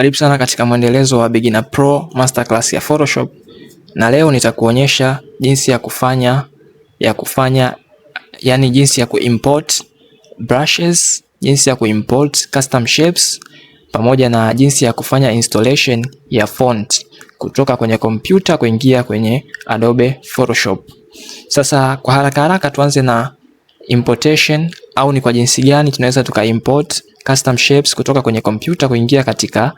Karibu sana katika mwendelezo wa Beginner Pro Masterclass ya Photoshop, na leo nitakuonyesha jinsi ya kufanya ya kufanya yani, jinsi ya kuimport brushes, jinsi ya kuimport custom shapes, pamoja na jinsi ya kufanya installation ya font kutoka kwenye kompyuta kuingia kwenye Adobe Photoshop. Sasa kwa haraka haraka tuanze na importation au ni kwa jinsi gani tunaweza tuka import custom shapes kutoka kwenye kompyuta kuingia katika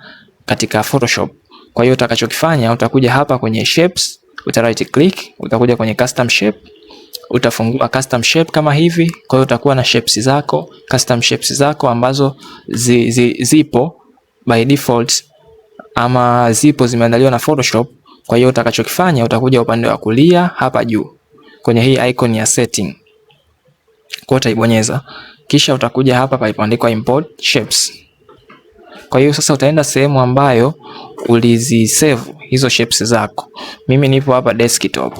katika Photoshop. Kwa hiyo utakachokifanya utakuja hapa kwenye shapes, uta right click, utakuja kwenye custom shape, utafungua custom shape kama hivi. Kwa hiyo utakuwa na shapes zako, custom shapes zako ambazo zi, zi, zipo by default ama zipo zimeandaliwa na Photoshop. Kwa hiyo utakachokifanya utakuja upande wa kulia hapa juu kwenye hii icon ya setting kwa utaibonyeza, kisha utakuja hapa palipoandikwa import shapes. Kwa hiyo sasa utaenda sehemu ambayo ulizisave hizo shapes zako. Mimi nipo hapa desktop,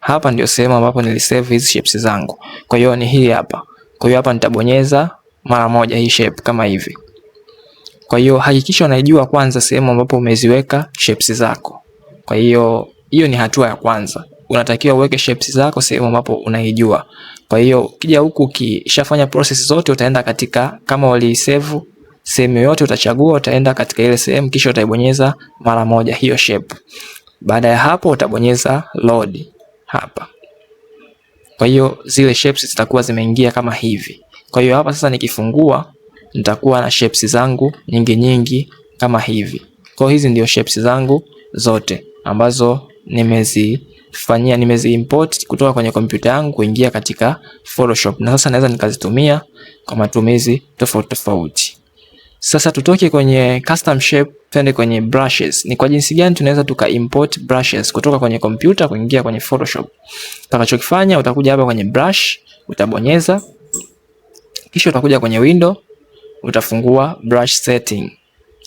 hapa ndio sehemu ambapo nilisave hizi shapes zangu, kwa hiyo ni hii hapa. Kwa hiyo hapa nitabonyeza mara moja hii shape kama hivi. Kwa hiyo hakikisha unaijua kwanza sehemu ambapo umeziweka shapes zako. Kwa hiyo hiyo ni hatua ya kwanza unatakiwa uweke shapes zako sehemu ambapo unaijua. Kwa hiyo ukija huku ukishafanya process zote, utaenda katika kama ulisave sehemu yote utachagua, utaenda katika ile sehemu kisha utaibonyeza mara moja hiyo shape. Baada ya hapo utabonyeza load hapa. Kwa hiyo zile shapes zitakuwa zimeingia kama hivi. Kwa hiyo hapa sasa nikifungua nitakuwa na shapes zangu nyingi nyingi kama hivi. Kwa hizi ndio shapes zangu zote ambazo nimezi kufanyia, nimezi import kutoka kwenye kompyuta yangu kuingia katika Photoshop, na sasa naweza nikazitumia kwa matumizi tofauti tofauti. Sasa tutoke kwenye custom shape tuende kwenye brushes. Ni kwa jinsi gani tunaweza tuka import brushes kutoka kwenye kompyuta kuingia kwenye Photoshop? Utakachokifanya utakuja hapa kwenye brush, utabonyeza, kisha utakuja kwenye window, utafungua brush setting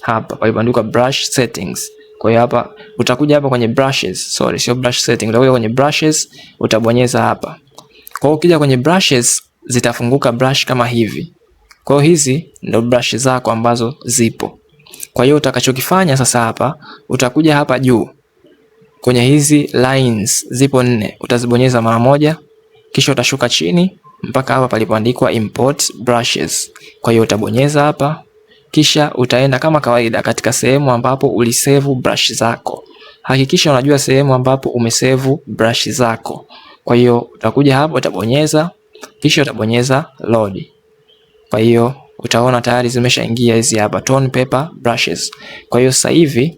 hapa, palipoandikwa brush settings. Kwa hiyo hapa utakuja hapa kwenye brushes, sorry sio brush setting, utakuja kwenye brushes utabonyeza hapa. Kwa hiyo ukija kwenye brushes zitafunguka brush kama hivi. Kwa hiyo hizi ndio brush zako ambazo zipo. Kwa hiyo utakachokifanya sasa hapa utakuja hapa juu kwenye hizi lines zipo nne, utazibonyeza mara moja, kisha utashuka chini mpaka hapa palipoandikwa import brushes. Kwa hiyo utabonyeza hapa kisha utaenda kama kawaida katika sehemu ambapo ulisevu brush zako. Hakikisha unajua sehemu ambapo umesevu brush zako. Kwa hiyo utakuja hapo utabonyeza, kisha utabonyeza load. Kwa hiyo utaona tayari zimeshaingia hizi hapa Tone Paper Brushes. Kwa hiyo sasa hivi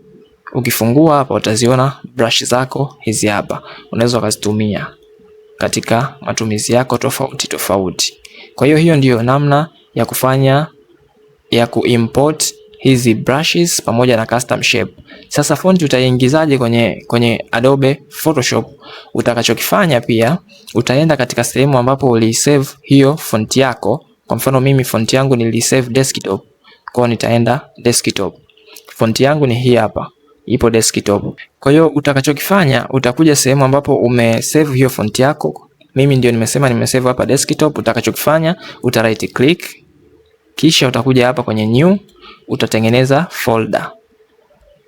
ukifungua hapa utaziona brush zako hizi hapa, unaweza ukazitumia katika matumizi yako tofauti tofauti. Kwa hiyo hiyo ndiyo namna ya kufanya ya kuimport hizi brushes pamoja na custom shape. Sasa font utaingizaje kwenye kwenye Adobe Photoshop? Utakachokifanya pia utaenda katika sehemu ambapo ulisave hiyo font yako. Kwa mfano mimi font yangu nilisave desktop, kwa nitaenda desktop. Font yangu ni hii hapa, ipo desktop. Kwa hiyo utakachokifanya utakuja sehemu ambapo umesave hiyo font yako. Mimi ndio nimesema nimesave hapa desktop. Utakachokifanya uta right click kisha utakuja hapa kwenye new utatengeneza folder,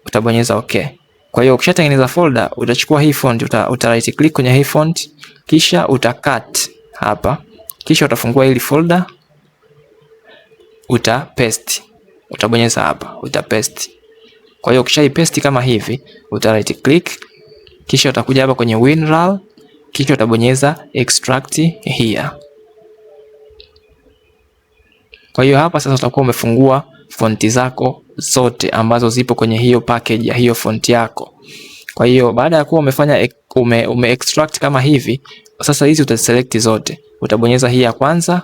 utabonyeza okay. Kwa hiyo ukishatengeneza folder utachukua hii font uta, uta right click kwenye hii font kisha uta cut hapa, kisha utafungua hili folder uta paste, utabonyeza hapa uta paste. Kwa hiyo paste kama hivi uta right click kisha utakuja hapa kwenye WinRAR kisha utabonyeza extract here. Kwa hiyo hapa sasa utakuwa umefungua fonti zako zote ambazo zipo kwenye hiyo package ya hiyo fonti yako. Kwa hiyo baada ya kuwa umefanya ume, ume extract kama hivi, sasa hizi utaselect zote, utabonyeza hii ya kwanza,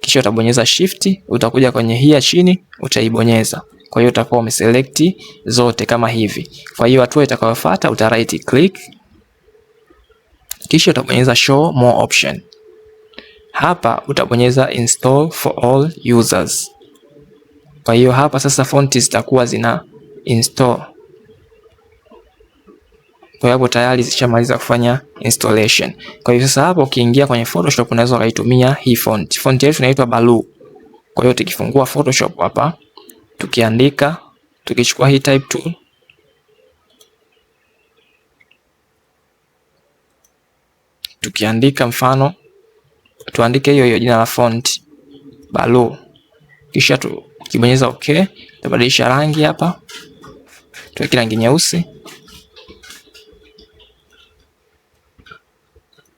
kisha utabonyeza shift, utakuja kwenye hii ya chini utaibonyeza. Kwa hiyo utakuwa umeselect zote kama hivi. Kwa hiyo hatua itakayofuata uta right click, kisha utabonyeza show more option. Hapa utabonyeza install for all users. Kwa hiyo hapa sasa fonti zitakuwa zina install. Kwa hiyo hapo tayari zishamaliza kufanya installation. Kwa hiyo sasa hapo ukiingia kwenye Photoshop unaweza ukaitumia hii font. Font yetu inaitwa Baloo. Kwa hiyo tukifungua Photoshop hapa, tukiandika, tukichukua hii type tool tukiandika mfano tuandike hiyo hiyo jina la font Baloo, kisha tukibonyeza okay, tabadilisha rangi hapa, tuweke rangi nyeusi.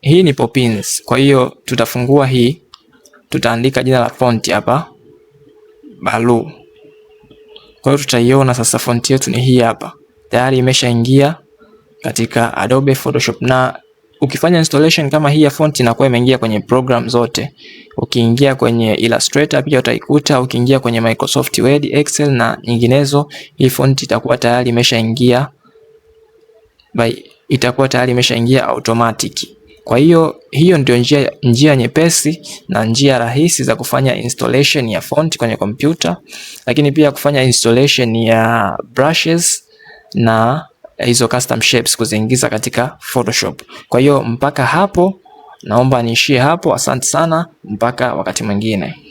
Hii ni Popins, kwa hiyo tutafungua hii, tutaandika jina la font hapa Baloo. Kwa hiyo tutaiona sasa fonti yetu ni hii hapa, tayari imeshaingia katika Adobe Photoshop na Ukifanya installation kama hii ya font inakuwa imeingia kwenye program zote. Ukiingia kwenye Illustrator pia utaikuta, ukiingia kwenye Microsoft Word, Excel na nyinginezo, hii font itakuwa tayari imeshaingia by itakuwa tayari imeshaingia automatic. Kwa hiyo hiyo ndio njia, njia nyepesi na njia rahisi za kufanya installation ya font kwenye kompyuta, lakini pia kufanya installation ya brushes na Eh, hizo custom shapes kuziingiza katika Photoshop. Kwa hiyo mpaka hapo, naomba niishie hapo. Asante sana, mpaka wakati mwingine.